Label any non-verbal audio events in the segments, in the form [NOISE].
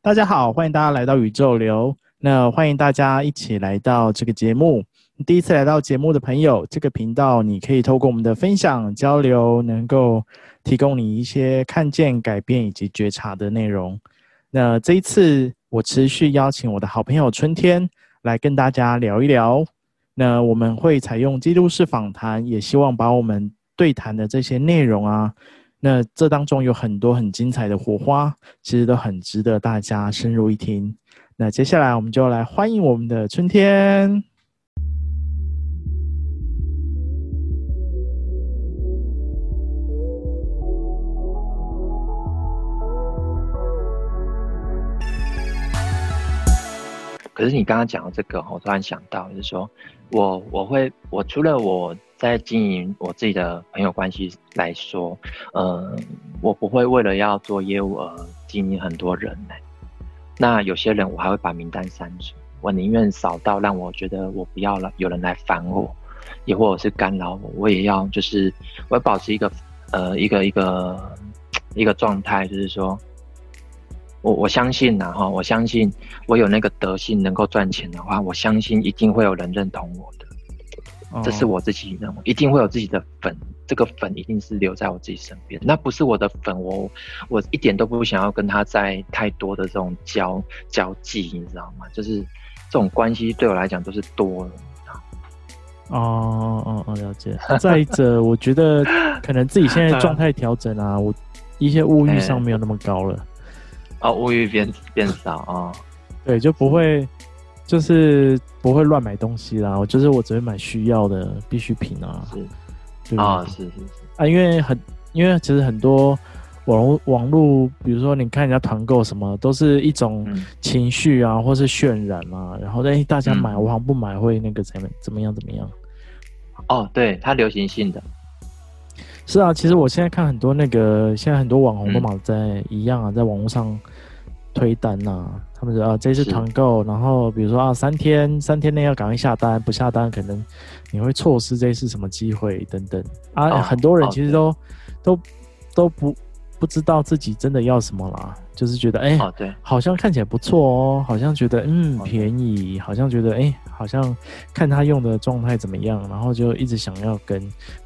大家好，歡迎大家來到宇宙流。那歡迎大家一起來到這個節目。第一次來到節目的朋友，這個頻道你可以透過我們的分享交流，能夠提供你一些看見改變以及覺察的內容。那這一次，我持續邀請我的好朋友春天來跟大家聊一聊。那我們會採用記錄式訪談，也希望把我們對談的這些內容啊，那這當中有很多很精彩的火花，其實都很值得大家深入一聽。那接下來，我們就來歡迎我們的春天。可是你剛剛講到這個，我突然想到，就是說，我我會，我除了我在經營我自己的朋友關係來說，呃，我不會為了要做業務而經營很多人呢、欸。那有些人我還會把名單刪除，我寧願掃到讓我覺得我不要了，有人來煩我，也或者是干擾我，我也要就是，我要保持一個呃一個一個一個狀態，就是說。我我相信吶，哈！我相信我有那個德性能夠賺錢的話，我相信一定會有人認同我的。Oh. 這是我自己一一定會有自己的粉，這個粉一定是留在我自己身邊。那不是我的粉，我我一點都不想要跟他在太多的這種交交際，你知道嗎？就是這種關係對我來講都是多了。哦哦哦，了解。 [LAUGHS] 再者，我覺得可能自己現在狀態調整啊， [LAUGHS] 我一些物欲上沒有那麼高了。Hey. 啊、哦，物欲變變少啊，哦、對，就不會，就是不會亂買東西啦。我就是我只會買需要的必需品啊。是，啊、對吧、哦，是是是。啊，因為很，因為其實很多網網絡，比如說你看人家團購什麼，都是一種情緒啊，嗯、或是渲染嘛、啊。然後在大家買、嗯、我好像不買會那個怎麼怎麼樣怎麼樣？哦，對，它流行性的。是啊，其實我現在看很多那個，現在很多網紅都嘛在、嗯、一樣啊，在網絡上推單吶、啊。他們說啊，這次團購，然後比如說啊，三天三天內要趕快下單，不下單可能你會錯失這一次什麼機會等等啊、oh, 欸。很多人其實都、oh, 都都，都不。不知道自己真的要什麼啦，就是覺得哎，欸、Okay. 好像看起來不錯哦、喔、嗯、好像覺得嗯 Okay. 便宜，好像覺得哎、欸，好像看他用的狀態怎麼樣，然後就一直想要跟，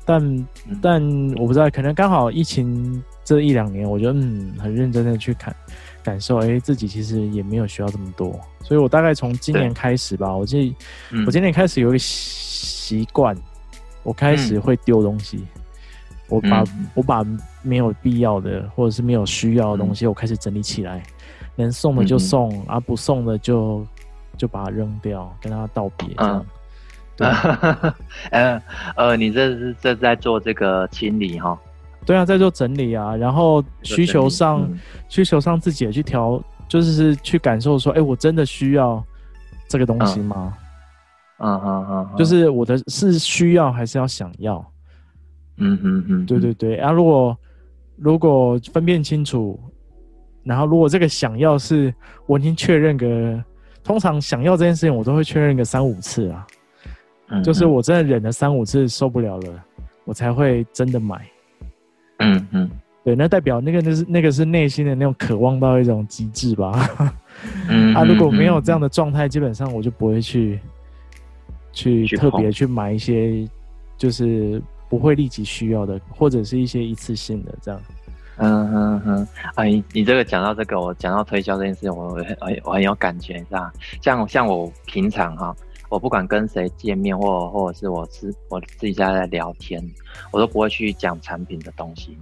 但、嗯、但我不知道，可能剛好疫情這一兩年，我就嗯很認真的去感感受，哎、欸，自己其實也沒有需要這麼多，所以我大概從今年開始吧，我這我今年開始有一個習慣，我開始會丟東西。嗯嗯我把、嗯、我把沒有必要的或者是沒有需要的東西，我開始整理起來，嗯、能送的就送，而、嗯嗯啊、不送的就就把它扔掉，跟它道別。嗯，呃對、 [LAUGHS] 欸、呃，你這是這是在做這個清理哈、哦？對啊，在做整理啊。然後需求上，嗯、需求上自己也去調，就是去感受說，哎、欸，我真的需要這個東西嗎？嗯嗯嗯，嗯嗯嗯嗯就是我的是需要還是要想要？嗯哼嗯嗯，對對對。啊，如果如果分辨清楚，然後如果這個想要是，我已經確認個，通常想要這件事情，我都會確認個三五次啊。嗯哼。就是我真的忍了三五次受不了了，我才會真的買。嗯嗯哼，對，那代表那個就是那個是內心的那種渴望到一種極致吧。 [LAUGHS] 嗯哼嗯哼。啊，如果沒有這樣的狀態，基本上我就不會去去特別去買一些，就是。不會立即需要的，或者是一些一次性的這樣。嗯嗯哼，哎、嗯啊，你這個講到這個，我講到推銷這件事情，我很我很有感覺，是吧？像像我平常哈、哦，我不管跟誰見面，或者或者是我自我自己家在聊天，我都不會去講產品的東西，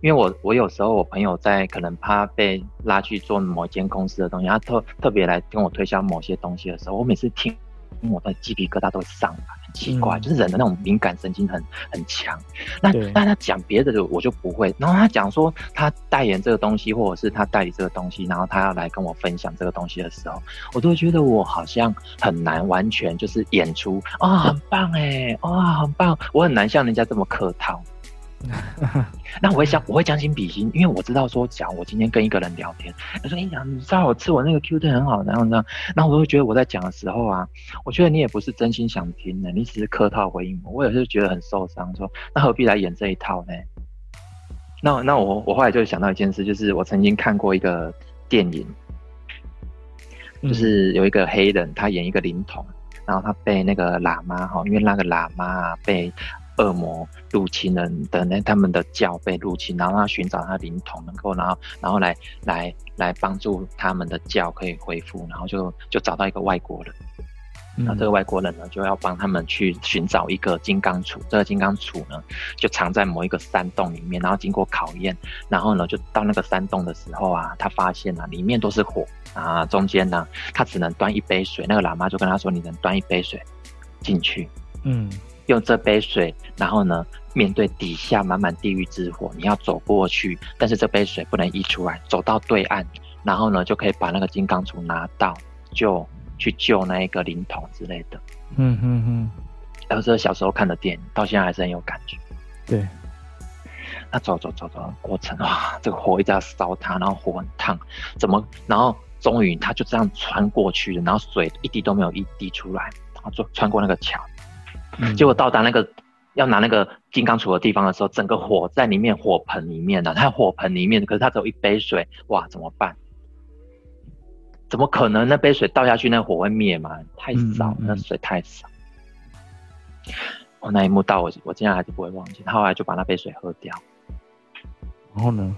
因為我我有時候我朋友在可能怕被拉去做某一間公司的東西，他特特別來跟我推銷某些東西的時候，我每次聽。因為我的雞皮疙瘩都會上來，很奇怪，嗯、就是人的那種敏感神經很很強。那對那他講別的我就不會，然後他講說他代言這個東西，或者是他代理這個東西，然後他要來跟我分享這個東西的時候，我都覺得我好像很難完全就是演出啊、嗯哦，很棒哎、欸，哇、哦，很棒，我很難像人家這麼客套。 [LAUGHS] 那我會將我會將心比心，因為我知道說，講我今天跟一個人聊天，他說：“哎、欸、呀，你知道我吃我那個 Q 彈很好。然後呢，那我會覺得我在講的時候啊，我覺得你也不是真心想聽的，欸，你只是客套回應我，我也是覺得很受傷，說那何必來演這一套呢？”那那我我後來就想到一件事，就是我曾經看過一個電影，嗯、就是有一個黑人他演一個靈童，然後他被那個喇嘛哈，因為那個喇嘛被。惡魔入侵人的，那他們的教被入侵，然後他尋找他靈童，能夠然後然後來來來幫助他們的教可以恢復，然後就就找到一個外國人，嗯、那這個外國人呢就要幫他們去尋找一個金剛杵，這個金剛杵呢就藏在某一個山洞裡面，然後經過考驗，然後呢就到那個山洞的時候啊，他發現啊裡面都是火啊，中間呢、啊、他只能端一杯水，那個喇嘛就跟他說，你能端一杯水進去，嗯。用這杯水，然後呢，面對底下滿滿地獄之火，你要走過去，但是這杯水不能溢出來，走到對岸，然後呢，就可以把那個金剛杵拿到，就去救那一個靈童之類的。嗯嗯嗯，那時候小時候看的電影，到現在還是很有感覺。對，那走走走走的過程哇，這個火一直要燒它，然後火很燙，怎麼，然後終於他就這樣穿過去了，然後水一滴都沒有一滴出來，然後就穿過那個橋。嗯、結果到達那個要拿那個金剛杵的地方的時候，整個火在裡面火盆裡面呢。他火盆裡面，可是他只有一杯水，哇，怎麼辦？怎麼可能？那杯水倒下去，那火會滅嗎？太少，那水太少。我、嗯嗯哦、那一幕到我，我接下來還是不會忘記。他後來就把那杯水喝掉，然後呢，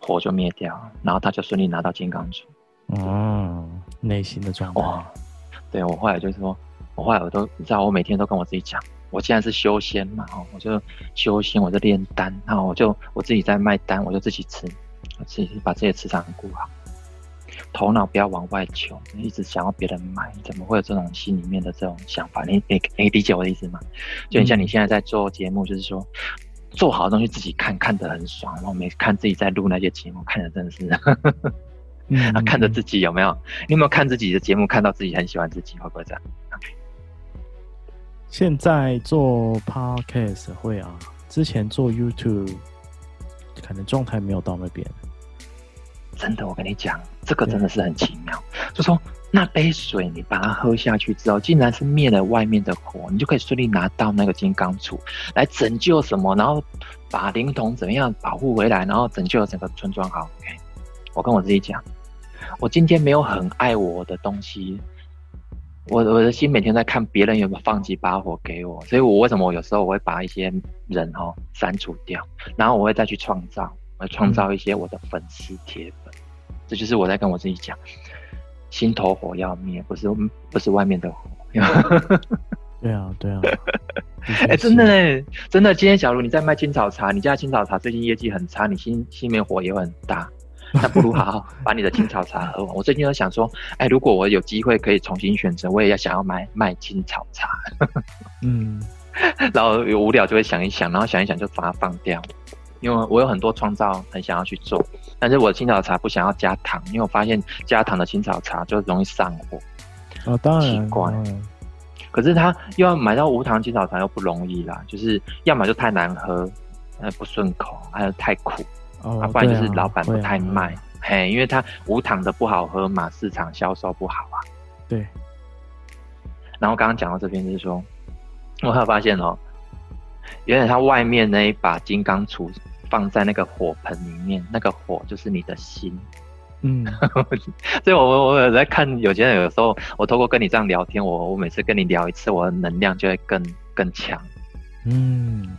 火就滅掉，然後他就順利拿到金剛杵。嗯，內、哦、心的狀況、哦。對，我後來就是說。我後來我都，你知道，我每天都跟我自己講，我既然是修仙嘛，我就修仙，我就煉丹，那我就我自己在賣丹，我就自己吃，我自己把自己的磁場顧好，頭腦不要往外求，一直想要別人買，怎麼會有這種心裡面的這種想法？你你你、欸欸、理解我的意思嗎？就你像你現在在做節目，就是說做好的東西自己看看得很爽，然後每看自己在錄那些節目，看着真的是，呵呵嗯嗯啊看着自己有沒有？你有沒有看自己的節目，看到自己很喜歡自己，會不會這樣？現在做 podcast 會啊，之前做 YouTube 可能狀態沒有到那邊。真的，我跟你講，這個真的是很奇妙。對就說那杯水，你把它喝下去之後，竟然是滅了外面的火，你就可以順利拿到那個金剛杵來拯救什麼，然後把靈童怎麼樣保護回來，然後拯救整個村莊。好，OK。我跟我自己講，我今天沒有很愛我的東西。我我的心每天在看別人有沒有放幾把火給我，所以，我為什麼我有時候我會把一些人哈、喔、刪除掉，然後我會再去創造，我創造一些我的粉絲鐵粉，嗯、這就是我在跟我自己講，心頭火要滅，不是不是外面的火。對啊，對啊，哎、 [LAUGHS] 欸，真的呢，真的，今天小盧你在賣青草茶，你家青草茶最近業績很差，你心心裡面火也會很大。那 [LAUGHS] 不如好好把你的青草茶喝完。我最近有想說，哎、欸，如果我有機會可以重新選擇，我也要想要買賣青草茶。 [LAUGHS] 嗯，然後有無聊就會想一想，然後想一想就把它放掉，因為我有很多創造很想要去做，但是我的青草茶不想要加糖，因為我發現加糖的青草茶就容易上火。好、哦、當奇怪。哦、可是他又要買到無糖青草茶又不容易啦，就是要麼就太難喝，呃，不順口，還有太苦。Oh, 啊，不然就是老闆不太賣，啊啊、嘿，因為他無糖的不好喝嘛，嘛市場銷售不好啊。對。然後剛剛講到這邊，就是說，我還有發現哦，原來他外面那一把金剛杵放在那個火盆裡面，那個火就是你的心。嗯， [LAUGHS] 所以我我我有在看有些人有時候，我透過跟你這樣聊天，我我每次跟你聊一次，我的能量就會更更強。嗯。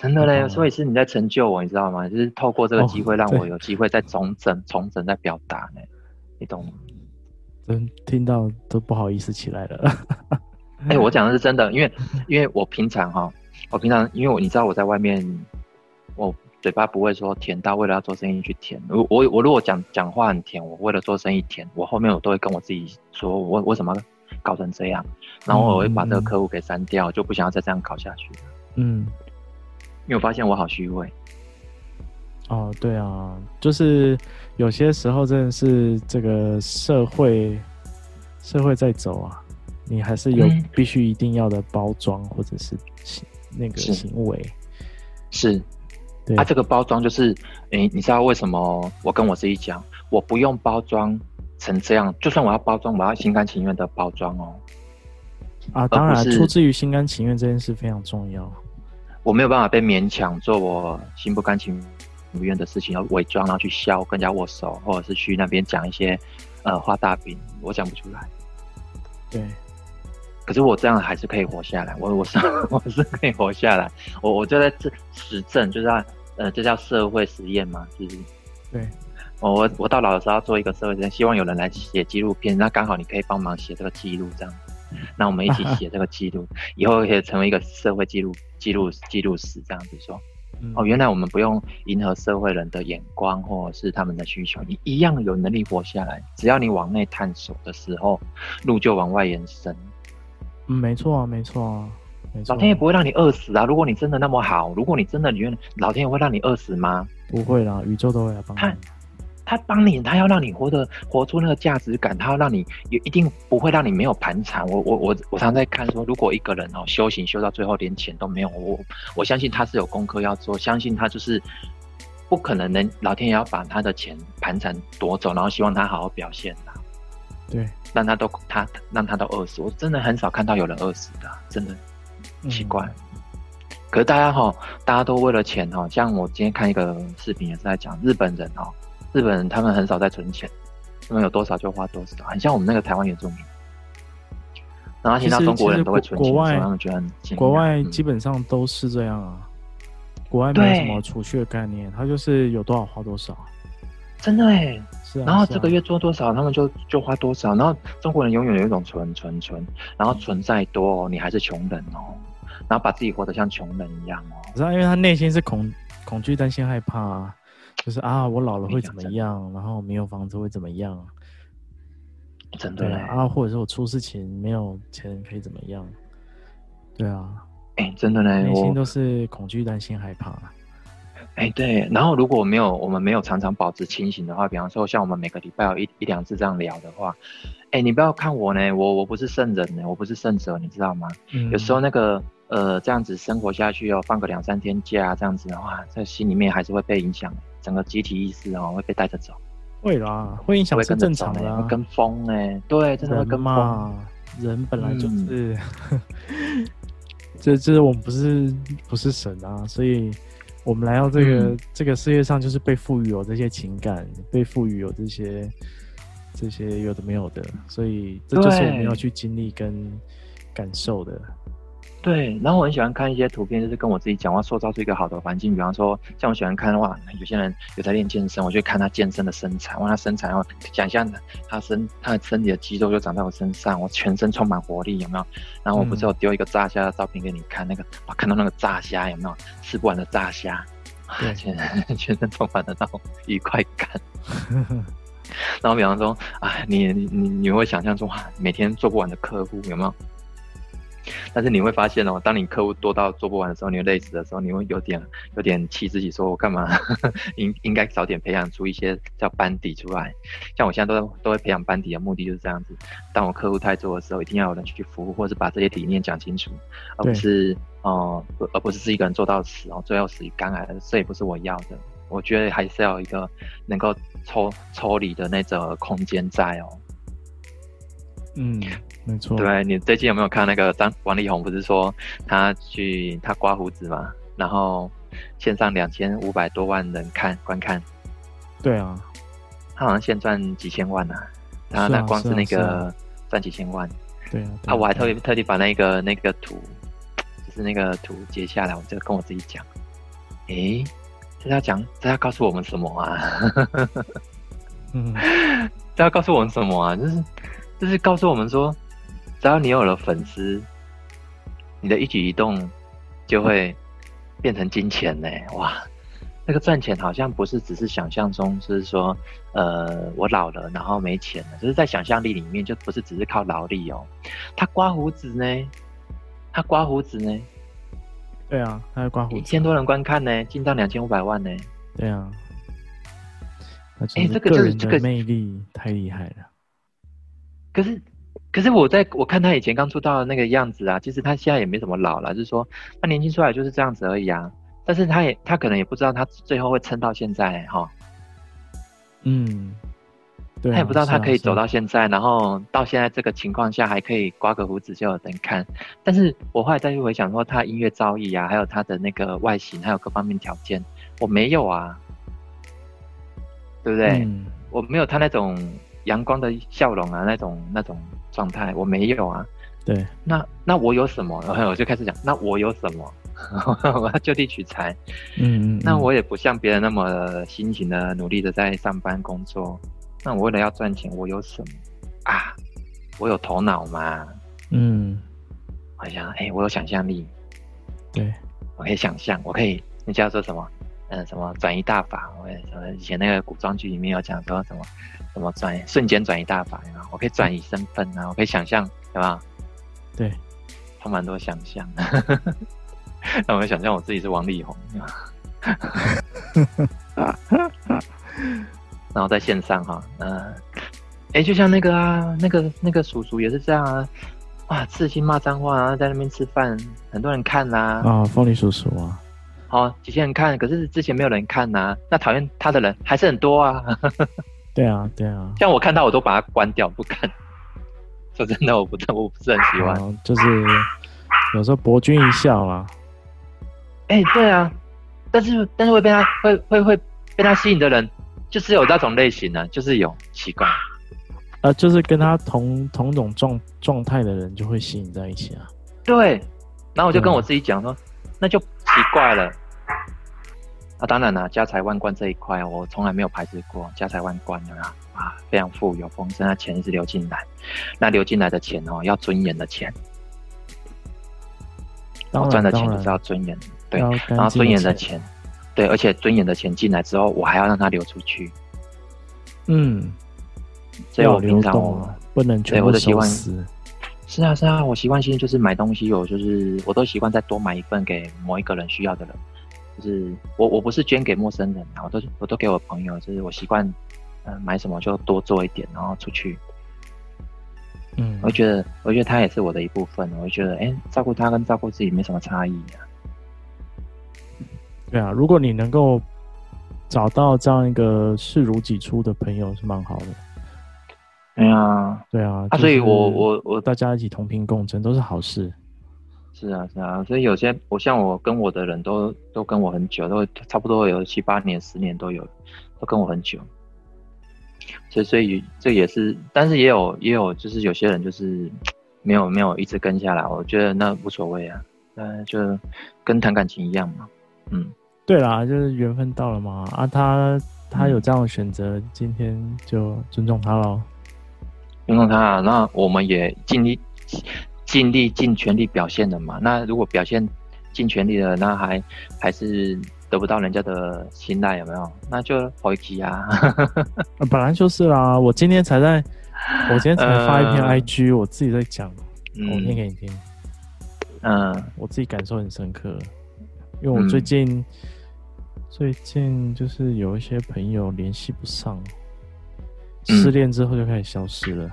真的嘞，所以是你在成就我，嗯、你知道嗎？就是透過這個機會，讓我有機會再重整、哦、重整、再表達呢，你懂嗎？嗯，聽到都不好意思起來了。哎、 [LAUGHS] 欸，我講的是真的，因為因為我平常哈，我平常因為我你知道我在外面，我嘴巴不會說甜到為了要做生意去甜。我我我如果講講話很甜，我為了做生意甜，我後面我都會跟我自己說我，我為什麼搞成這樣？然後我會把這個客戶給刪掉，哦、嗯、我就不想要再這樣搞下去。嗯。你有發現我好虛偽？哦，對啊，就是有些時候真的是這個社會社會在走啊，你還是有必須一定要的包裝或者是、嗯、那個行為。是，是對啊，啊，這個包裝就是，哎，你知道為什麼我跟我自己講，我不用包裝成這樣，就算我要包裝，我要心甘情願的包裝哦。啊，當然，出自於心甘情願這件事非常重要。我沒有辦法被勉強做我心不甘情不願的事情，要偽裝，然後去笑，跟人家握手，或者是去那邊講一些呃畫大餅，我講不出來。對，可是我這樣還是可以活下來，我我是我是可以活下來。我我就在這實證就是呃，這叫社會實驗嘛，就是對。我我到老的時候要做一個社會實驗，希望有人來寫紀錄片，那剛好你可以幫忙寫這個記錄，這樣，那我們一起寫這個記錄，啊、哈以後可以成為一個社會記錄。記錄記錄史這樣子說，哦，原來我們不用迎合社會人的眼光或者是他們的需求，你一樣有能力活下來。只要你往內探索的時候，路就往外延伸。沒錯、嗯，沒錯，啊，啊啊老天也不會讓你餓死啊！如果你真的那麼好，如果你真的你願，老天也會讓你餓死嗎？不會啦，宇宙都會幫你。他幫你，他要讓你活得活出那個價值感，他要讓你也一定不會讓你沒有盤纏。我我我我常在看說，如果一個人哦修行修到最後連錢都沒有，我我相信他是有功課要做，相信他就是不可能能老天爺要把他的錢盤纏奪走，然後希望他好好表現的，啊。對，讓他都他讓他都餓死，我真的很少看到有人餓死的，真的奇怪。嗯，可是大家哈、哦，大家都為了錢哈、哦，像我今天看一個視頻也是在講日本人哈、哦。日本人他們很少在存錢，他們有多少就花多少，很像我們那個台灣原住民。然後其他中國人都會存錢，國外他們覺得國外基本上都是這樣啊。國外沒有什麼儲蓄的概念，他對就是有多少花多少。真的哎、欸，是啊。然後這個月做多少，他們就就花多少。然後中國人永遠有一種存存存，然後存再多，哦，你還是窮人哦。然後把自己活得像窮人一樣哦。你知道，因為他內心是恐恐懼、擔心、害怕、啊。就是啊，我老了會怎麼樣？然後沒有房子會怎麼樣？真的啊，啊，或者是我出事情沒有錢可以怎麼樣？對啊，哎、欸，真的呢，內心都是恐懼、擔心、害怕。哎、欸，對。然後如果沒有，我們沒有常常保持清醒的話，比方說像我們每個禮拜有一一兩次這樣聊的話，哎、欸，你不要看我呢，我我不是聖人呢，我不是聖者，你知道嗎？嗯、有時候那個呃，這樣子生活下去哦，放個兩三天假這樣子的話，在心裡面還是會被影響。整個集體意識哦、喔、會被帶着走，會啦，會影響，是正常的、啊跟，欸、跟風呢、欸，對，真的會跟風嘛。人本來就是，這這是我們不是不是神啊，所以我們來到這個、嗯、這個世界上，就是被賦予有這些情感，被賦予有這些這些有的沒有的，所以這就是我們要去經歷跟感受的。對，然後我很喜歡看一些圖片，就是跟我自己講，我要塑造出一個好的環境。比方說，像我喜歡看的話，有些人有在練健身，我就看他健身的身材，哇，他身材哇，想象他身他的身體的肌肉就長在我身上，我全身充滿活力，有沒有？然後我不知道丟一個炸蝦的照片給你看，那個我看到那個炸蝦有沒有？吃不完的炸蝦，全對全身充滿的那種愉快感。 [LAUGHS] 然後比方說啊，你你你,你會想象出啊，每天做不完的客戶，有沒有？但是你會發現哦，當你客戶多到做不完的時候，你累死的時候，你會有點有點氣自己，說我幹嘛？呵呵應應該早點培養出一些叫班底出來。像我現在都都會培養班底的目的就是這樣子。當我客戶太多的時候，一定要有人去服務，或者是把這些理念講清楚，而不是哦對、呃，而不是自己一個人做到死哦，最後死於肝癌，這也不是我要的。我覺得還是要一個能夠抽抽離的那個空間在哦。嗯，沒錯。對，你最近有沒有看那個張王力宏？不是說他去他刮鬍子嘛？然後線上兩千五百多萬人看觀看。對啊，他好像現賺幾千萬吶，啊！他那光是那個賺幾千萬。對啊，啊啊我還特別特地把那個那個圖，就是那個圖截下來，我就跟我自己講，誒、欸，這要講，這要告訴我們什麼啊？ [LAUGHS] 嗯、這要告訴我們什麼啊？就是。就是告訴我們說，只要你有了粉絲，你的一舉一動就會變成金錢呢！哇，那個賺錢好像不是只是想象中，就是說，呃，我老了然後沒錢了，就是在想象力裡面就不是只是靠勞力哦、喔。他刮鬍子呢，他刮鬍子呢，對啊，他刮鬍子，一千多人觀看呢，進賬兩千五百萬呢，對啊，哎，這個就是這個，魅力太厲害了。可是，可是我在我看他以前剛出道的那個樣子啊，其實他現在也沒怎麼老了，就是說他年輕出來就是這樣子而已啊。但是他也他可能也不知道他最後會撐到現在哈。吼嗯，啊、他也不知道他可以走到現在，啊啊、然後到現在這個情況下還可以刮個鬍子就有人看。但是我後來再去回想說他音樂造詣啊，還有他的那個外形，還有各方面條件，我沒有啊，對不對？嗯、我沒有他那種。陽光的笑容啊，那種那種狀態我沒有啊。對，那那我有什麼？我就開始講，那我有什麼？ [LAUGHS] 我要就地取材，嗯。嗯，那我也不像別人那麼辛勤的、努力的在上班工作。那我為了要賺錢，我有什麼啊？我有頭腦嗎？嗯，我想，哎、欸，我有想象力。對，我可以想象，我可以。你知道說什麼？嗯、呃，什麼轉移大法？我也以前那個古裝劇裡面有講說，什麼什麼轉瞬間轉移大法呀？我可以轉移身份啊，嗯、我可以想象，對吧？對，他蠻多想象的。那呵呵我會想象我自己是王力宏，然後在線上哈，嗯、哦，哎、欸，就像那個啊，那個那個叔叔也是這樣啊，哇，刺青罵髒話，啊，在那邊吃飯，很多人看吶，啊，鳳、啊、梨叔叔啊。好，幾千人看，可是之前沒有人看吶、啊。那討厭他的人還是很多啊。呵呵對啊，對啊。像我看到我都把它關掉不看。說真的，我不，我不是很喜歡。嗯、就是有時候博君一笑啦哎、欸，對啊。但是，但是會被他，會會會被他吸引的人，就是有那種類型啊，就是有習慣。呃，就是跟他同同種狀狀態的人，就會吸引在一起啊。對。然後我就跟我自己講說。嗯那就奇怪了，啊，當然了、啊，家財萬貫這一塊，我從來沒有排斥過家財萬貫的啊，啊，非常富有豐盛，那錢一直流進來，那流進來的錢哦，要尊嚴的錢，然，然後賺的錢就是要尊嚴，然對，然後尊嚴的錢，對，而且尊嚴的錢進來之後，我還要讓它流出去，嗯，所以我平常我不能全部收是啊是啊，我習慣性就是買東西，我就是我都習慣再多買一份給某一個人需要的人。就是我我不是捐給陌生人啊，我都我都給我朋友。就是我習慣，嗯、呃，買什麼就多做一點，然後出去。嗯，我覺得我覺得他也是我的一部分。我覺得哎、欸，照顧他跟照顧自己沒什麼差異啊。對啊，如果你能夠找到這樣一個視如己出的朋友，是蠻好的。嗯、啊對啊，對啊，就是 所以我，我我我大家一起同頻共振都是好事，是啊，是啊，所以有些我像我跟我的人都都跟我很久，都差不多有七八年、十年都有，都跟我很久。所以，所以這也是，但是也有也有，就是有些人就是沒有沒有一直跟下來，我覺得那無所謂啊，嗯，就跟談感情一樣嘛，嗯，對啦，就是緣分到了嘛，啊他，他他有這樣的選擇，嗯、今天就尊重他嘍。聽眾他、啊，那我們也盡力、盡力、盡全力表現了嘛。那如果表現盡全力了，那還還是得不到人家的青睞，有沒有？那就 OK 啊 [LAUGHS] 、呃。本來就是啦，我今天才在，我今天才發一篇 IG、呃、我自己在講，嗯、我念給你聽。嗯、呃，我自己感受很深刻，因為我最近、嗯、最近就是有一些朋友聯繫不上。失戀之後就開始消失了，嗯、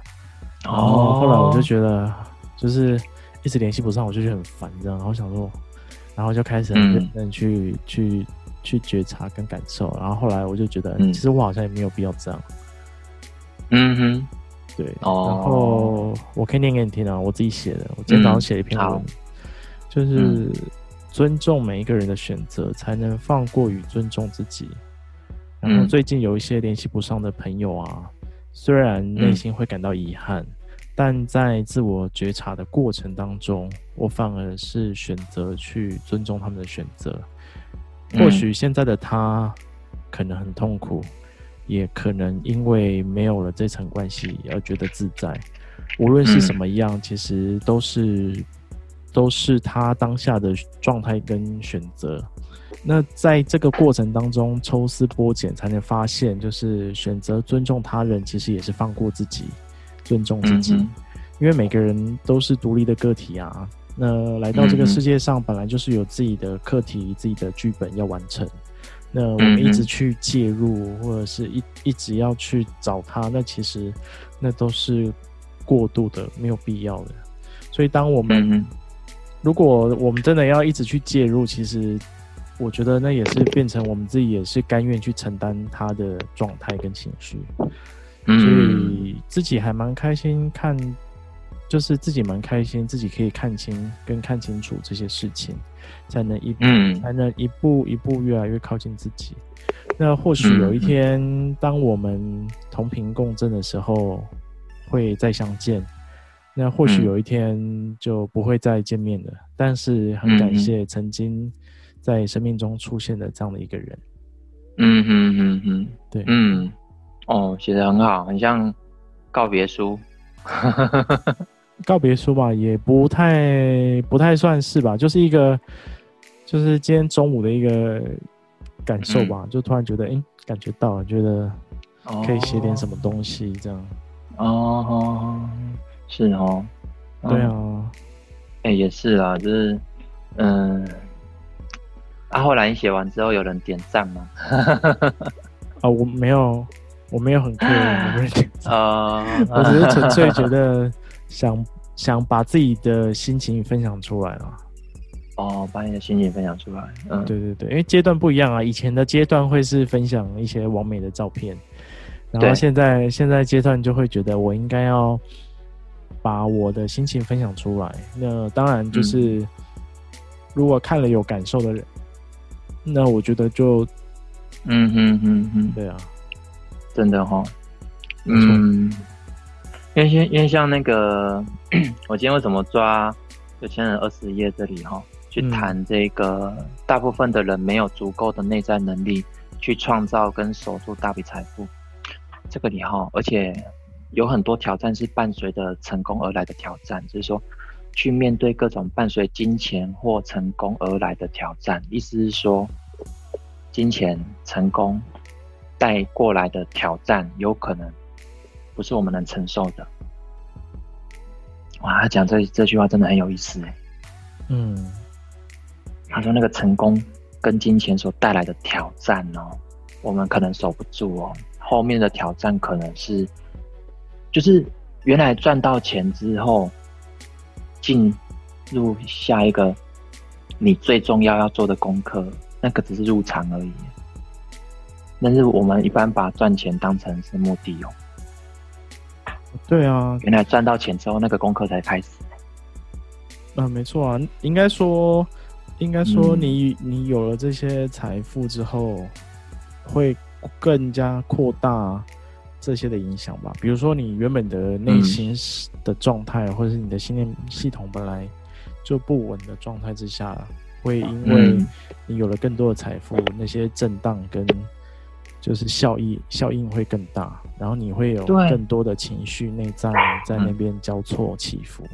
然後後來我就覺得就是一直聯繫不上，我就覺得很煩，這樣，然後想說，然後就開始很認真去、嗯、去去，去覺察跟感受，然後後來我就覺得，其實我好像也沒有必要這樣。嗯哼，對，然後我可以念給你聽啊，我自己寫的，我今天早上寫了一篇文，嗯、就是尊重每一個人的選擇，才能放過與尊重自己。然後最近有一些聯繫不上的朋友啊。雖然內心會感到遺憾，嗯、但在自我覺察的過程當中，我反而是選擇去尊重他們的選擇。或許現在的他可能很痛苦，也可能因為沒有了這層關係而覺得自在。無論是什麼樣，嗯、其實都是都是他當下的狀態跟選擇。那在這個過程當中，抽絲剝繭才能發現，就是選擇尊重他人，其實也是放過自己，尊重自己，嗯、哼因為每個人都是獨立的個體啊。那來到這個世界上，本來就是有自己的課題、嗯、哼自己的劇本要完成。那我們一直去介入，嗯、哼或者是一一直要去找他，那其實那都是過度的，沒有必要的。所以，當我們、嗯、哼如果我們真的要一直去介入，其實。我覺得那也是變成我們自己也是甘願去承擔他的狀態跟情緒，所以自己還蠻開心看，就是自己蠻開心，自己可以看清跟看清楚這些事情，才能一步才能一步一步越來越靠近自己。那或許有一天，當我們同頻共振的時候，會再相見；那或許有一天就不會再見面了。但是很感謝曾經。在生命中出現的這樣的一個人，嗯嗯。嗯。嗯。對，嗯，哦，寫得很好，很像告別書， [LAUGHS] 告別書吧，也不太不太算是吧，就是一個，就是今天中午的一個感受吧，嗯、就突然覺得，哎、欸，感覺到了，覺得可以寫點什麼東西這樣，哦，哦，是哦，對啊、嗯，哎、嗯欸，也是啊。就是，嗯、呃。啊！後來你寫完之後有人點贊嗎？啊、 [LAUGHS] 哦，我沒有，我沒有很刻意，我不是點讚啊，我只是純粹覺得想想把自己的心情分享出來啊。哦，把你的心情分享出來，嗯，對對對，因為階段不一樣啊，以前的階段會是分享一些完美的照片，然後現在對現在階段就會覺得我應該要把我的心情分享出來。那當然就是、嗯、如果看了有感受的人。那我覺得就，嗯哼哼哼，對啊，真的哈、哦，嗯，因為先因為像那個， [COUGHS] 我今天為什麼抓有錢人二十頁這裡哈、哦，去談這個大部分的人沒有足夠的內在能力去創造跟守住大筆財富，這個你哈，而且有很多挑戰是伴隨着成功而來的挑戰，就是說。去面對各種伴隨金錢或成功而來的挑戰，意思是說，金錢、成功帶過來的挑戰，有可能不是我們能承受的。哇，他講這這句話真的很有意思。嗯，他說那個成功跟金錢所帶來的挑戰哦，我們可能守不住哦，後面的挑戰可能是，就是原來賺到錢之後。進入下一個你最重要要做的功課，那個只是入場而已。但是我們一般把賺錢當成是目的哦、喔。對啊，原來賺到錢之後，那個功課才開始。啊，沒錯啊，應該說，應該說你，你、嗯、你有了這些財富之後，會更加擴大。這些的影響吧，比如說你原本的內心的狀態，嗯、或者是你的信念系統本來就不穩的狀態之下，會因為你有了更多的財富，嗯、那些震盪跟就是效益效應會更大，然後你會有更多的情緒內在在那邊交錯起伏。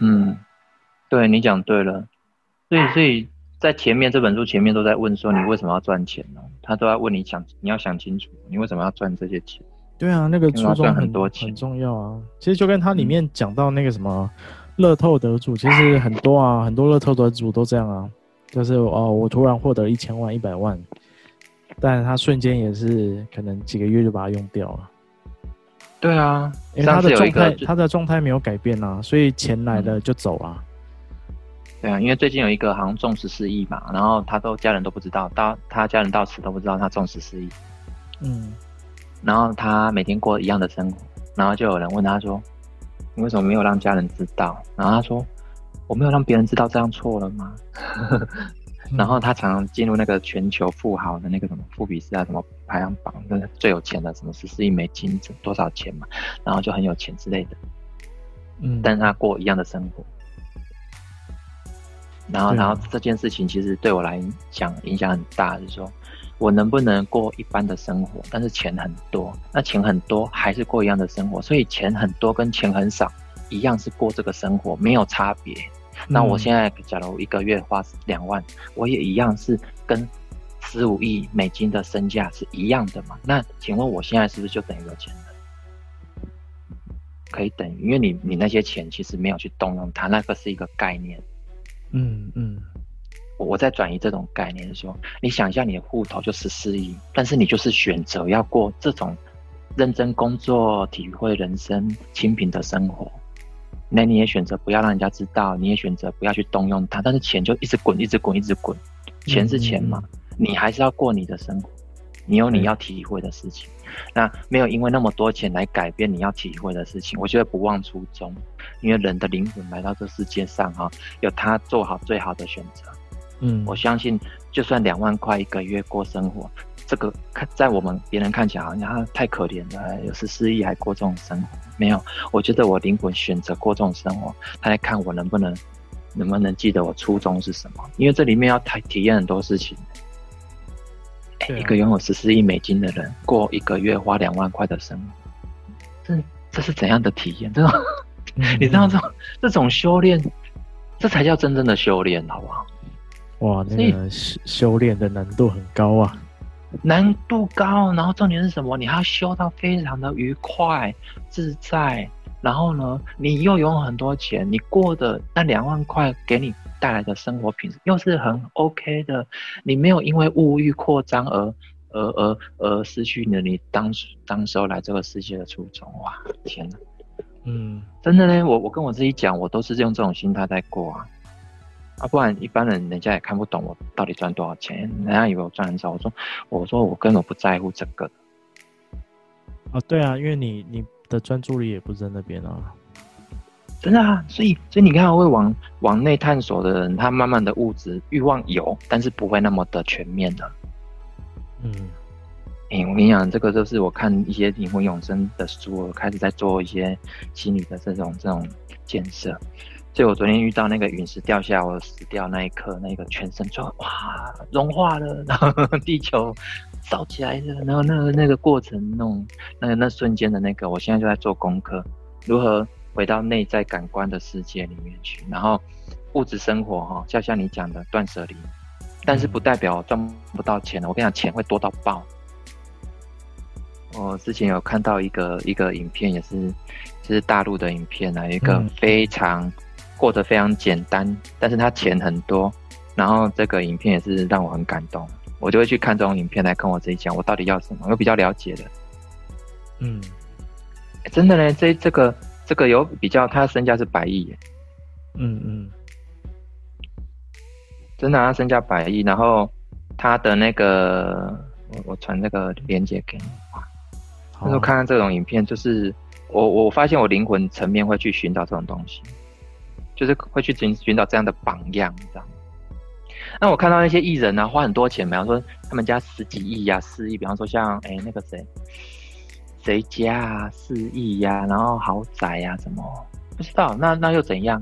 嗯，對你講對了，所以所以。在前面這本書前面都在問說你為什麼要賺錢呢？他都要問你想你要想清楚你為什麼要賺這些錢？對啊，那個初衷很,賺很多錢,很重要啊。其實就跟他裡面講到那個什麼樂透得主，嗯、其實很多啊，很多樂透得主都這樣啊，就是哦，我突然獲得一千萬、一百萬，但他瞬間也是可能幾個月就把它用掉了。對啊，因為誒他的狀態就他的狀態沒有改變啊，所以錢來了就走啊。嗯對啊，因為最近有一個好像中十四億嘛，然後他都家人都不知道，到他家人到死都不知道他中十四億。嗯，然後他每天過一樣的生活，然後就有人問他說：“你為什麼沒有讓家人知道？”然後他說：“我沒有讓別人知道這樣錯了嗎？” [LAUGHS] 嗯、然後他常常進入那個全球富豪的那個什麼富比斯啊什麼排行榜，最、就是、最有錢的什麼十四億美金，多少錢嘛？然後就很有錢之類的。嗯，但是他過一樣的生活。然後，然後這件事情其實對我來講影響很大，就是說我能不能過一般的生活，但是錢很多？那錢很多還是過一樣的生活，所以錢很多跟錢很少一樣是過這個生活，沒有差別。那我現在假如一個月花兩萬，我也一樣是跟十五億美金的身價是一樣的嘛？那請問我現在是不是就等於有錢了？可以等於，因為你你那些錢其實沒有去動用它，它那個是一個概念。嗯嗯，嗯我在轉移這種概念說，你想一下，你的戶頭就是十四億，但是你就是選擇要過這種認真工作、體會人生清貧的生活，那你也選擇不要讓人家知道，你也選擇不要去動用它，但是錢就一直滾，一直滾，一直滾，錢是錢嘛，嗯嗯嗯你還是要過你的生活，你有你要體會的事情。哎那沒有因為那麼多錢來改變你要體會的事情，我覺得不忘初衷，因為人的靈魂來到這世界上哈，有他做好最好的選擇。嗯，我相信就算兩萬塊一個月過生活，這個看在我們別人看起來好像太可憐了，有時失憶還過這種生活，沒有，我覺得我靈魂選擇過這種生活，他來看我能不能，能不能記得我初衷是什麼，因為這裡面要體體驗很多事情。一個擁有十四億美金的人，啊、過一個月花兩萬塊的生活，這這是怎樣的體驗？這種，嗯、你知道這，這種這種修煉，這才叫真正的修煉，好不好？哇，那個、修以修煉的難度很高啊，難度高。然後重點是什麼？你要修到非常的愉快自在，然後呢，你又擁有很多錢，你過的那兩萬塊給你。帶來的生活品質又是很 OK 的，你沒有因為物欲擴張而而而而失去你的你當當時候來這個世界的初衷哇！天哪，嗯，真的呢，我我跟我自己講，我都是用這種心態在過啊，啊，不然一般人人家也看不懂我到底賺多少錢，人家以為我賺很少，我說我說我根本不在乎這個，啊、哦，對啊，因為你你的專注力也不是在那邊啊。真的啊，所以所以你看，我會往往內探索的人，他慢慢的物質慾望有，但是不會那麼的全面的。嗯，哎、欸，我跟你講，這個就是我看一些靈魂永生的書，我開始在做一些心理的這種這種建設。所以我昨天遇到那個隕石掉下，我死掉那一刻，那個全身就哇融化了，然後地球燒起來了，然後那個那個過程，弄，那個那瞬間的那個，我現在就在做功課，如何。回到內在感官的世界裡面去，然後物質生活哈、喔，就像你講的斷捨離，但是不代表我賺不到錢，我跟你講，錢會多到爆。我之前有看到一個一個影片也，也是就是大陸的影片啊，一個非常、嗯、過得非常簡單，但是他錢很多。然後這個影片也是讓我很感動，我就會去看這種影片來跟我自己講，我到底要什麼？我比較了解的。嗯、欸，真的嘞，這這個。這個有比較，他身價是百億，嗯嗯，真的，啊，他身價百億，然後他的那個，我我傳那個鏈接給你吧。那時看看這種影片，就是，哦，我我發現我靈魂層面會去尋找這種東西，就是會去尋尋找這樣的榜樣，你知道嗎？那我看到那些藝人啊，花很多錢，比方說他們家十幾億呀，啊，四億，比方說像哎，欸，那個誰。誰家、啊、四億呀、啊？然後豪宅呀、啊？怎麼不知道？那那又怎樣？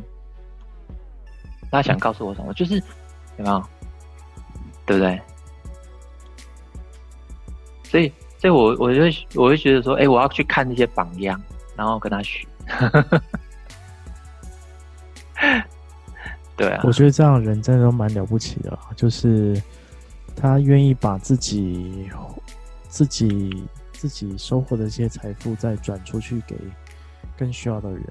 他想告訴我什麼？嗯、就是，對，有沒有？對不對？所以，所以我我就我會覺得說，哎、欸，我要去看那些榜樣，然後跟他學。 [LAUGHS] 對啊，我覺得這樣人真的都蠻了不起的，就是他願意把自己自己。自己收穫的一些財富再轉出去給更需要的人，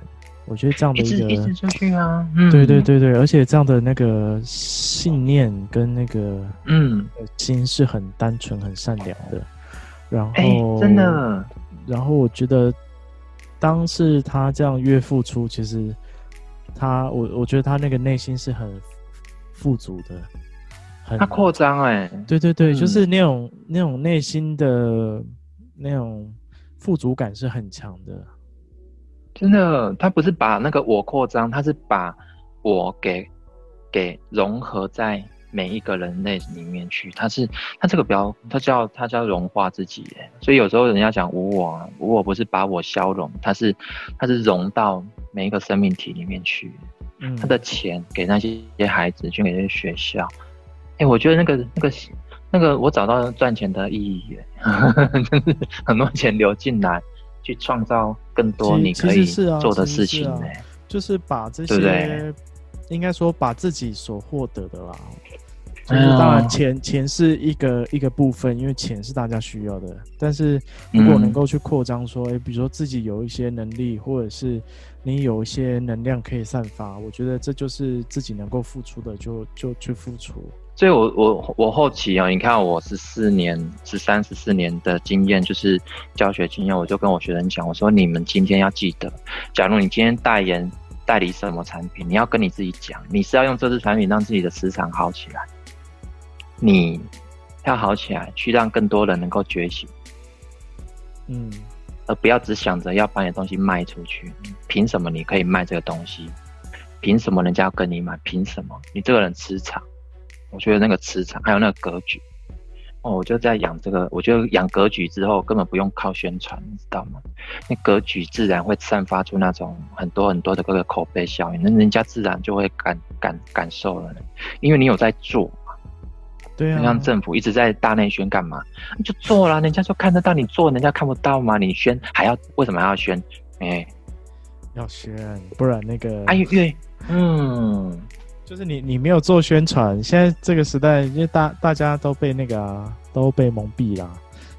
我覺得這樣的一個，啊，對對對對,對，而且這樣的那個信念跟那個嗯心是很單純、很善良的。然後真的，然後我覺得，當是他這樣越付出，其實他我我覺得他那個內心是很富足的，很他擴張哎，對對對,對，就是那種那種內心的。那種富足感是很強的，真的。他不是把那個我擴張，他是把我給給融合在每一個人類裡面去。他是他這個標，他叫他叫融化自己。所以有時候人家講無我，無我不是把我消融，他是他是融到每一個生命體裡面去。嗯，他的錢給那些孩子，捐給那些學校。哎、欸，我覺得那個那個。那個，我找到賺錢的意義耶，就是很多錢流進來，去創造更多你可以做的事情，啊啊。就是把這些，對對應該說把自己所獲得的啦。就是當然錢、呃、錢是一個一個部分，因為錢是大家需要的。但是如果能夠去擴張說，誒、嗯、比如說自己有一些能力，或者是你有一些能量可以散發，我覺得這就是自己能夠付出的，就就去付出。所以我，我我我後期啊、哦，你看我十四年十三十四年的經驗，就是教學經驗，我就跟我學生講，我說你們今天要記得，假如你今天代言代理什麼產品，你要跟你自己講，你是要用這支產品讓自己的磁場好起來，你要好起來，去讓更多人能夠覺醒，嗯，而不要只想着要把你的東西賣出去、嗯，憑什麼你可以賣這個東西？憑什麼人家要跟你買？憑什麼你這個人磁場？我覺得那個磁場還有那個格局哦，我就在養這個。我覺得養格局之後，根本不用靠宣傳，你知道嗎？那格局自然會散發出那種很多很多的各個口碑效應，那人家自然就會感感感受了，因為你有在做嘛。對啊，你像政府一直在大內宣幹嘛？你就做啦，人家就看得到你做，人家看不到嗎？你宣還要為什麼還要宣？哎、欸，要宣，不然那個哎對、啊，嗯。就是你，你沒有做宣傳。現在這個時代，因為大大家都被那個、啊、都被蒙蔽了，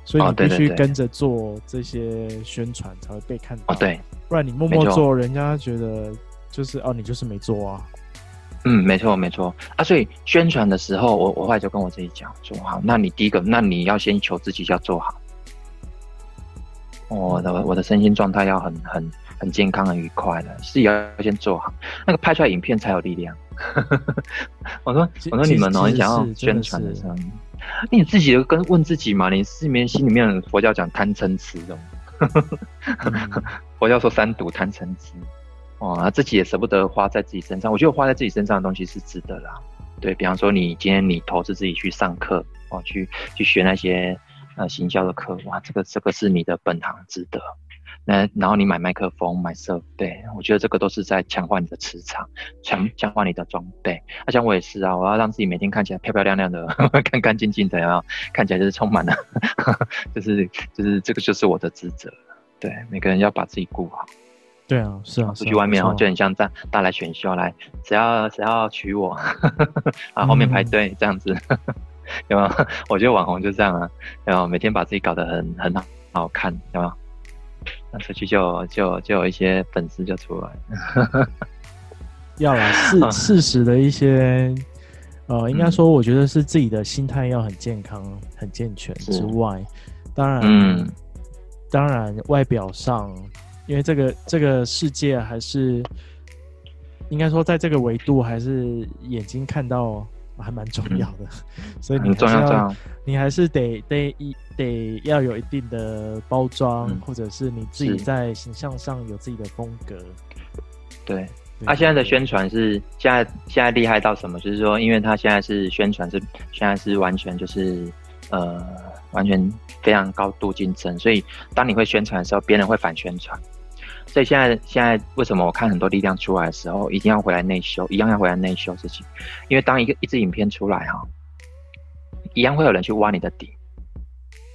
所以你必須跟着做這些宣傳，才會被看到。哦，對，對，對，不然你默默做，沒錯。人家覺得就是哦，你就是沒做啊。嗯，沒錯，沒錯。啊，所以宣傳的時候，我我後來就跟我自己講，說：‘好。那你第一個，那你要先求自己要做好。我的我的身心狀態要很很很健康、很愉快的，是要先做好，那個拍出來影片才有力量。 [LAUGHS] 我說，實我說你們哦、喔，你想要宣傳的聲音，你自己跟問自己嘛，你裡面心裡面有佛教講貪嗔痴， [LAUGHS] 嗯、佛教說三毒，貪嗔痴，他自己也捨不得花在自己身上，我覺得花在自己身上的東西是值得啦。對，比方說你，你今天你投資自己去上課，哦、啊，去去學那些呃行銷的課，哇，這個這個是你的本行值得。然後你買麥克風，買設備，我覺得這個都是在強化你的磁場，強，強化你的裝備。而且、啊、我也是啊，我要讓自己每天看起來漂漂亮亮的，呵呵乾乾淨淨的，然後看起來就是充滿了，呵呵就是就是這個就是我的職責。對，每個人要把自己顧好。對啊，是啊，是啊是啊，出去外面、啊啊、就很像這樣大來選秀來，誰要誰要，誰要娶我，啊後面排隊、嗯、這樣子呵呵，有沒有？我覺得網紅就這樣啊，然後每天把自己搞得很很好，好看，有沒有？那出去就就就有一些粉絲就出來了， [LAUGHS] 要事、啊、事實的一些， [LAUGHS] 呃，應該說，我覺得是自己的心態要很健康、很健全之外，是當然，嗯、當然外表上，因為這個這個世界還是應該說，在這個維度還是眼睛看到。還蠻重要的，嗯、所以你要、啊、重要重要，你還是得得一得要有一定的包裝，嗯、或者是你自己在形象上有自己的風格。對，他對、啊、現在的宣傳是現在現在厲害到什麼？就是說，因為他現在是宣傳是現在是完全就是呃完全非常高度競爭，所以當你會宣傳的時候，別人會反宣傳。所以現在，現在為什麼我看很多力量出來的時候，一定要回來內修，一樣要回來內修自己？因為當一個一支影片出來哈、哦，一樣會有人去挖你的底，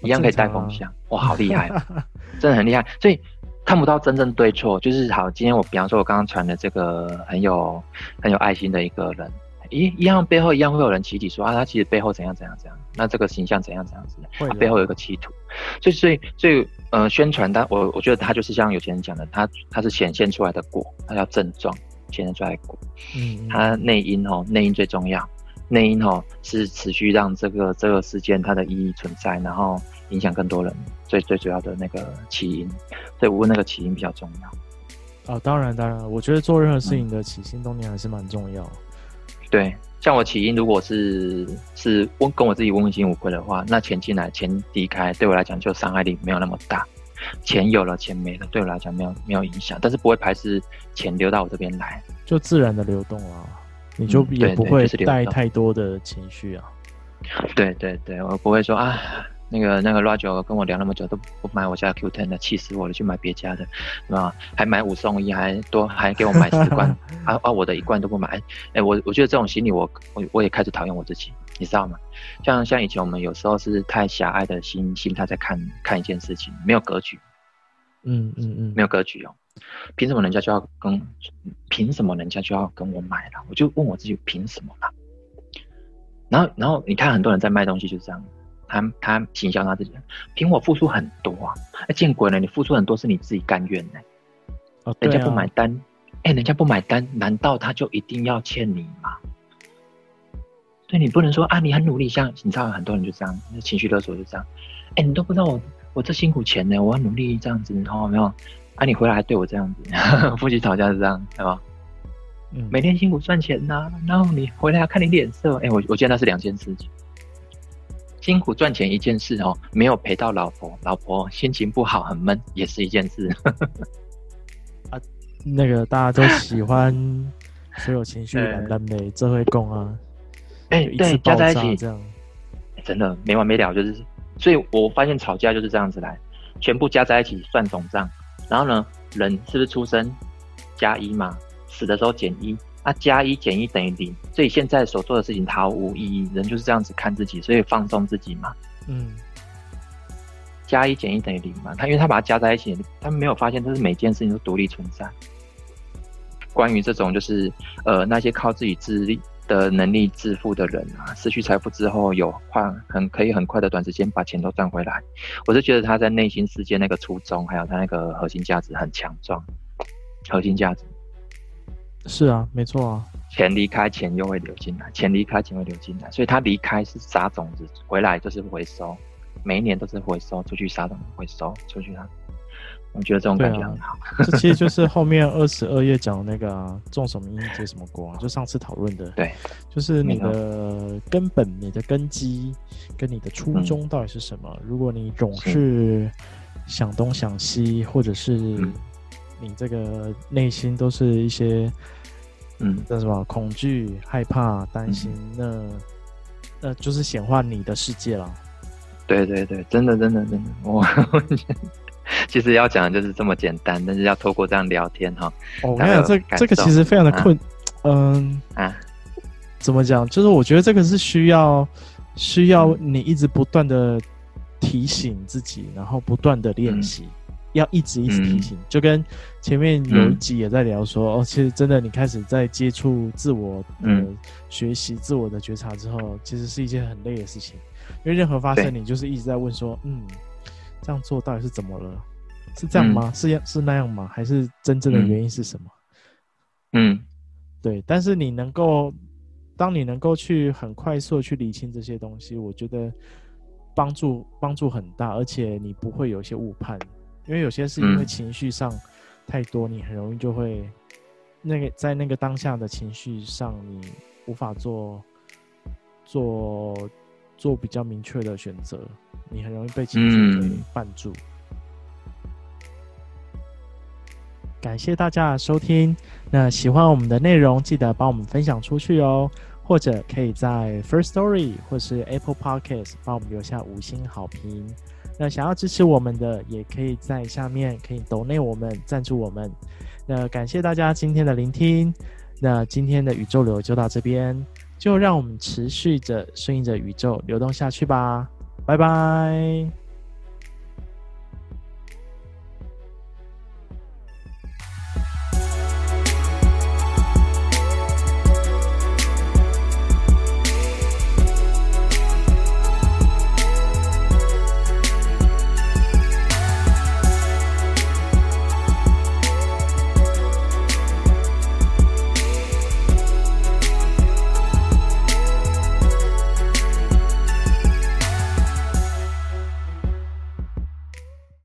一樣可以帶風向。哦啊、哇，好厲害、哦， [LAUGHS] 真的很厲害。所以看不到真正對錯，就是好。今天我，比方說，我剛剛傳的這個很有很有愛心的一個人，一一樣背後一樣會有人起底說啊，他其實背後怎樣怎樣怎樣，那這個形象怎樣怎樣子，他的、啊、背後有個企圖。所以，所以，所以。呃，宣傳，單，我我覺得它就是像有錢人講的，它它是顯現出來的果，它叫症狀顯現出來的果。嗯，嗯，它內因哦，內因最重要，內因哦是持續讓這個這個事件它的意義存在，然後影響更多人最，最最主要的那個起因。對，我問那個起因比較重要。啊、哦，當然當然，我覺得做任何事情的起心動念還是蠻重要。嗯、對。像我起因如果是是問，跟我自己問心無愧的話，那錢進來錢離開對我來講就傷害力沒有那麼大，錢有了錢沒了對我來講沒有沒有影響，但是不會排斥錢流到我這邊來，就自然的流動了。啊，你就也不會帶太多的情緒啊、嗯，對對對，就是。對對對，我不會說啊。那個那個 Roger 跟我聊那麼久都不買我家 Q10 的，氣死我了！去買別家的，啊，還買五送一，還多，還給我買十罐， [LAUGHS] 啊啊！我的一罐都不買，哎、欸，我我覺得這種心理我，我我我也開始討厭我自己，你知道嗎？像像以前我們有時候是太狹隘的心心態在看看一件事情，沒有格局，嗯嗯嗯，嗯嗯沒有格局哦、喔，憑什麼人家就要跟，憑什麼人家就要跟我買了？我就問我自己，憑什麼啦？然後然後你看很多人在賣東西，就是這樣。他他行銷他自己，憑我付出很多啊，啊、欸，見鬼了！你付出很多是你自己甘願的、欸，哦啊、人家不買單，哎、欸、人家不買單，難道他就一定要欠你嗎？對你不能說啊，你很努力，像你知道很多人就這樣，那情緒勒索就這樣，哎、欸、你都不知道我我這辛苦錢呢，我很努力這樣子，哦，沒有，啊你回來還對我這樣子，夫妻吵架是這樣，對吧？嗯，每天辛苦賺錢吶、啊，然後你回來要看你臉色，哎、欸、我我覺得那是兩件事情。辛苦賺錢一件事哦，沒有陪到老婆，老婆心情不好很悶，也是一件事。呵呵啊，那個大家都喜歡，所有情緒來了沒？ [LAUGHS] 對這會攻啊？哎、欸，對，加在一起、欸、真的沒完沒了，就是。所以我發現吵架就是這樣子來，全部加在一起算總賬。然後呢，人是不是出生加一嘛，死的時候減一。他、啊、加一減一等於零，所以現在所做的事情毫無意義。人就是這樣子看自己，所以放縱自己嘛。嗯，加一減一等於零嘛。他因為他把它加在一起，他們沒有發現，就是每件事情都獨立存在。關於這種就是呃那些靠自己智力的能力致富的人啊，失去財富之後有很快很可以很快的短時間把錢都賺回來。我是覺得他在內心世界那個初衷，還有他那個核心價值很強壯，核心價值。是啊，沒錯啊。錢離開，錢又會流進來；錢離開，錢會流進來。所以他離開是撒種子，回來就是回收。每一年都是回收，出去撒種子，回收出去啊。我覺得這種感覺很好。啊、 [LAUGHS] 這其實就是後面二十二頁講的那個種、啊、什麼因結什麼果、啊，就上次討論的。對，就是你的根本、錯你的根基跟你的初衷到底是什麼？嗯、如果你總是想東想西，是或者是你這個內心都是一些。嗯，這是什麼？恐懼、害怕、擔心，嗯、那那就是顯化你的世界了。對對對，真的真的真的。我、嗯、其實要講的就是這麼簡單，但是要透過這樣聊天哈。我沒有這這個其實非常的困。嗯，怎麼講？就是我覺得這個是需要需要你一直不斷的提醒自己，然後不斷的練習。嗯要一直一直提醒，嗯、就跟前面有一集也在聊說、嗯、哦，其實真的，你開始在接觸自我的學習、自我的覺察之後，嗯、其實是一件很累的事情，因為任何發生，你就是一直在問說，欸、嗯，這樣做到底是怎麼了？是這樣嗎？嗯、是是那樣嗎？還是真正的原因是什麼？嗯，對。但是你能夠，當你能夠去很快速去理清這些東西，我覺得幫助幫助很大，而且你不會有一些誤判。因為有些事情因為情緒上太多，嗯、你很容易就會那個在那個當下的情緒上，你無法做做做比較明確的選擇，你很容易被情緒給絆住。嗯、感謝大家的收聽，那喜歡我們的內容，記得幫我們分享出去哦，或者可以在 First Story 或是 Apple Podcast 幫我們留下五星好評。那想要支持我們的，也可以在下面可以抖內我們，贊助我們。那感謝大家今天的聆聽，那今天的宇宙流就到這邊，就讓我們持續着順應着宇宙流動下去吧，拜拜。